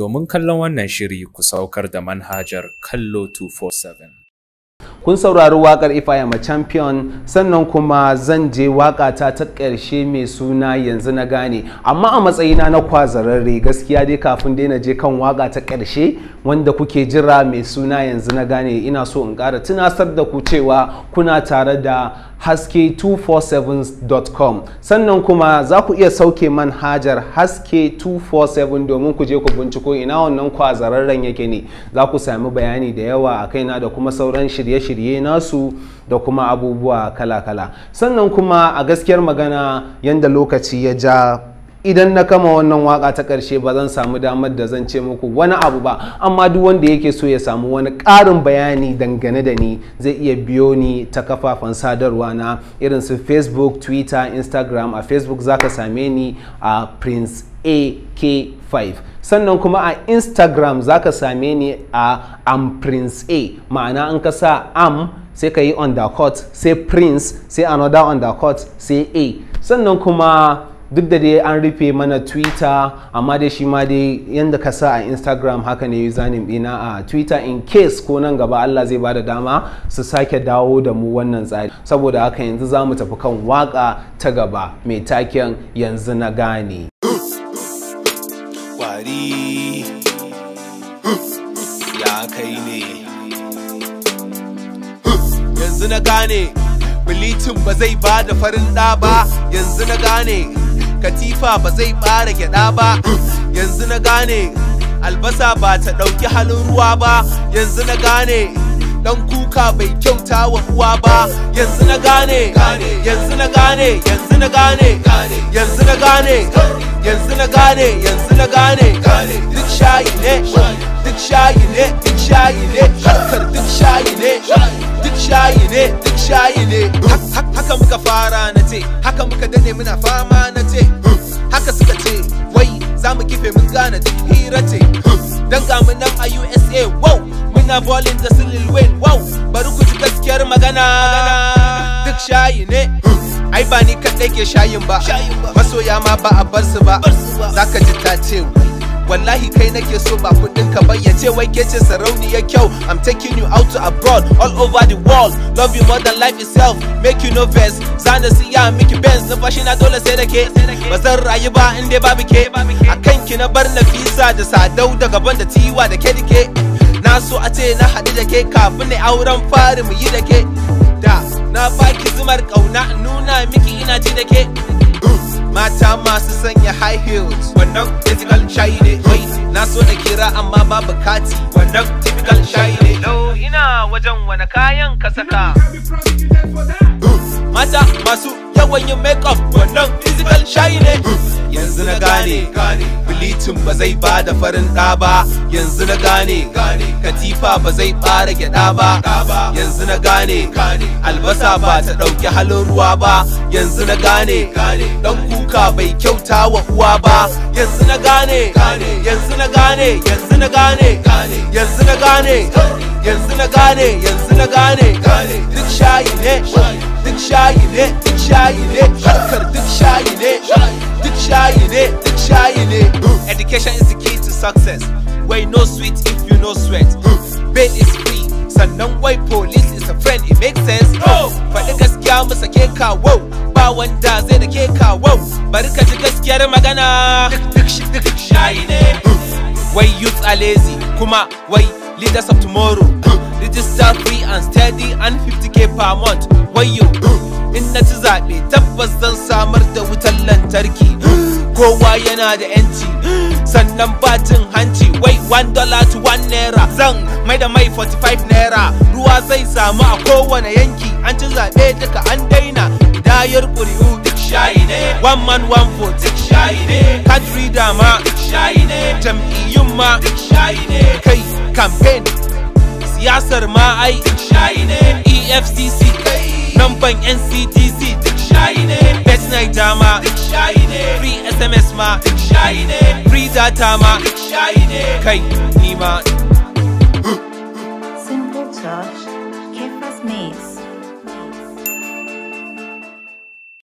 Domin kallon wannan shiri ku saukar da manhajar Kallo 247. kun saurari wakar if i champion sannan kuma zan je waka ta ta ƙarshe mai suna yanzu na gane amma a matsayina na kwazararre gaskiya dai kafin dai na je kan waka ta ƙarshe wanda kuke jira mai suna yanzu na gane ina so in ƙara tunasar da ku cewa kuna tare da haske247.com sannan kuma za ku iya sauke manhajar haske247 domin ku je ku binciko ina wannan kwazararren yake ne za ku sami bayani da yawa a kaina da kuma sauran shirye-shirye nasu da kuma abubuwa kala-kala sannan kuma a gaskiyar magana yadda lokaci ya ja idan na kama wannan waka ta ƙarshe ba zan samu damar da zan ce muku wani abu ba amma duk wanda yake so ya samu wani ƙarin bayani dangane da ni zai iya biyo ni ta kafafen sadarwa na irin su facebook twitter instagram a facebook zaka same ni a prince ak5 sannan kuma a instagram zaka same ni a am prince a ma'ana an ka sa am sai ka yi undercut sai prince sai another undercut sai a sannan kuma duk da dai an rufe mana twitter amma dai shi ma dai yadda ka sa a instagram haka ne username dina a twitter in case ko nan gaba allah zai bada dama su sake dawo da mu wannan tsari saboda haka yanzu za mu tafi kan waka ta gaba mai taken yanzu na gane yanzu na gane bilitin ba zai bada farin ɗa ba yanzu na gane katifa ba zai ɓara gyaɗa ba yanzu na gane albasa ba ta ɗauki halin ruwa ba yanzu na gane dan kuka bai kyauta wa uwa ba yanzu na gane yanzu na gane yanzu na gane yanzu na gane yanzu na gane yanzu na gane duk shayi ne duk shayi ne duk shayi ne harkar duk shayi ne shayi ne duk shayi ne haka muka fara na ce haka muka dane muna fama na ce haka suka ce wai za mu kife mun gane duk hira ce dan mu nan a USA wow muna bolin da su Lil Wayne wow bari ku ji gaskiyar magana duk shayi ne ai ba ni kaɗai ke shayin ba masoya ma ba a bar su ba zaka ji ta ce wallahi kai nake so ba kudin ka bayyace wai kece sarauniya kyau i'm taking you out to abroad all over the world love you more than life itself make you no vex zana siya miki benz fashi na dole sai da ke ba zan rayu ba in dai babu ke kan ki na bar na nafisa da sadau daga gaban da tiwa da ke dike na so a ce na haɗu da ke kafin ne auren fari mu yi da ke da na baki zumar kauna nuna miki ina ji da ke mata masu sanya high heels wannan typical shiny? Wait, na so na kira amma ba bukati wannan typical shayi ne ina wajen wani kayan ka saka mata masu when you make up wannan kwal shayi ne yanzu na gane bilitin ba zai ba da farin da ba yanzu na gane katifa ba zai fara gyaɗa ba yanzu na gane albasa ba ta ɗauki halin ruwa ba yanzu na gane ɗan kuka bai kyauta wa uwa ba yanzu na gane yanzu na gane yanzu na gane yanzu na gane yanzu na gane yanzu na gane duk shayi ne şaire duk şaire Harkar duk şaire duk şaire duk şaire Education is the key to success Way no sweet if you no sweat Bed is free So no wai police is a friend it makes sense the gas Faɗi gaskiya masa ke does ba wanda zai car, ke kawo bari ka ji gaskiyar magana duk shayi ne Why youth are lazy kuma why? leaders of tomorrow rijistar free and steady and 50k per month wayo in na ci zaɓe tabbas zan samar da wutar lantarki kowa yana da yanci sannan batin hanci wai one dollar to one naira zan mai da mai 45 naira ruwa zai samu a kowane yanki an ci zaɓe duka an daina dayar ƙuri'u duk shayi ne one man one vote duk shayi ne kadri dama duk shayi ne jam'iyyun ma duk shayi ne kai campaign siyasar ma ai efcc namban nctc duk shayi bet free sms ma free data ma duk kai ni ma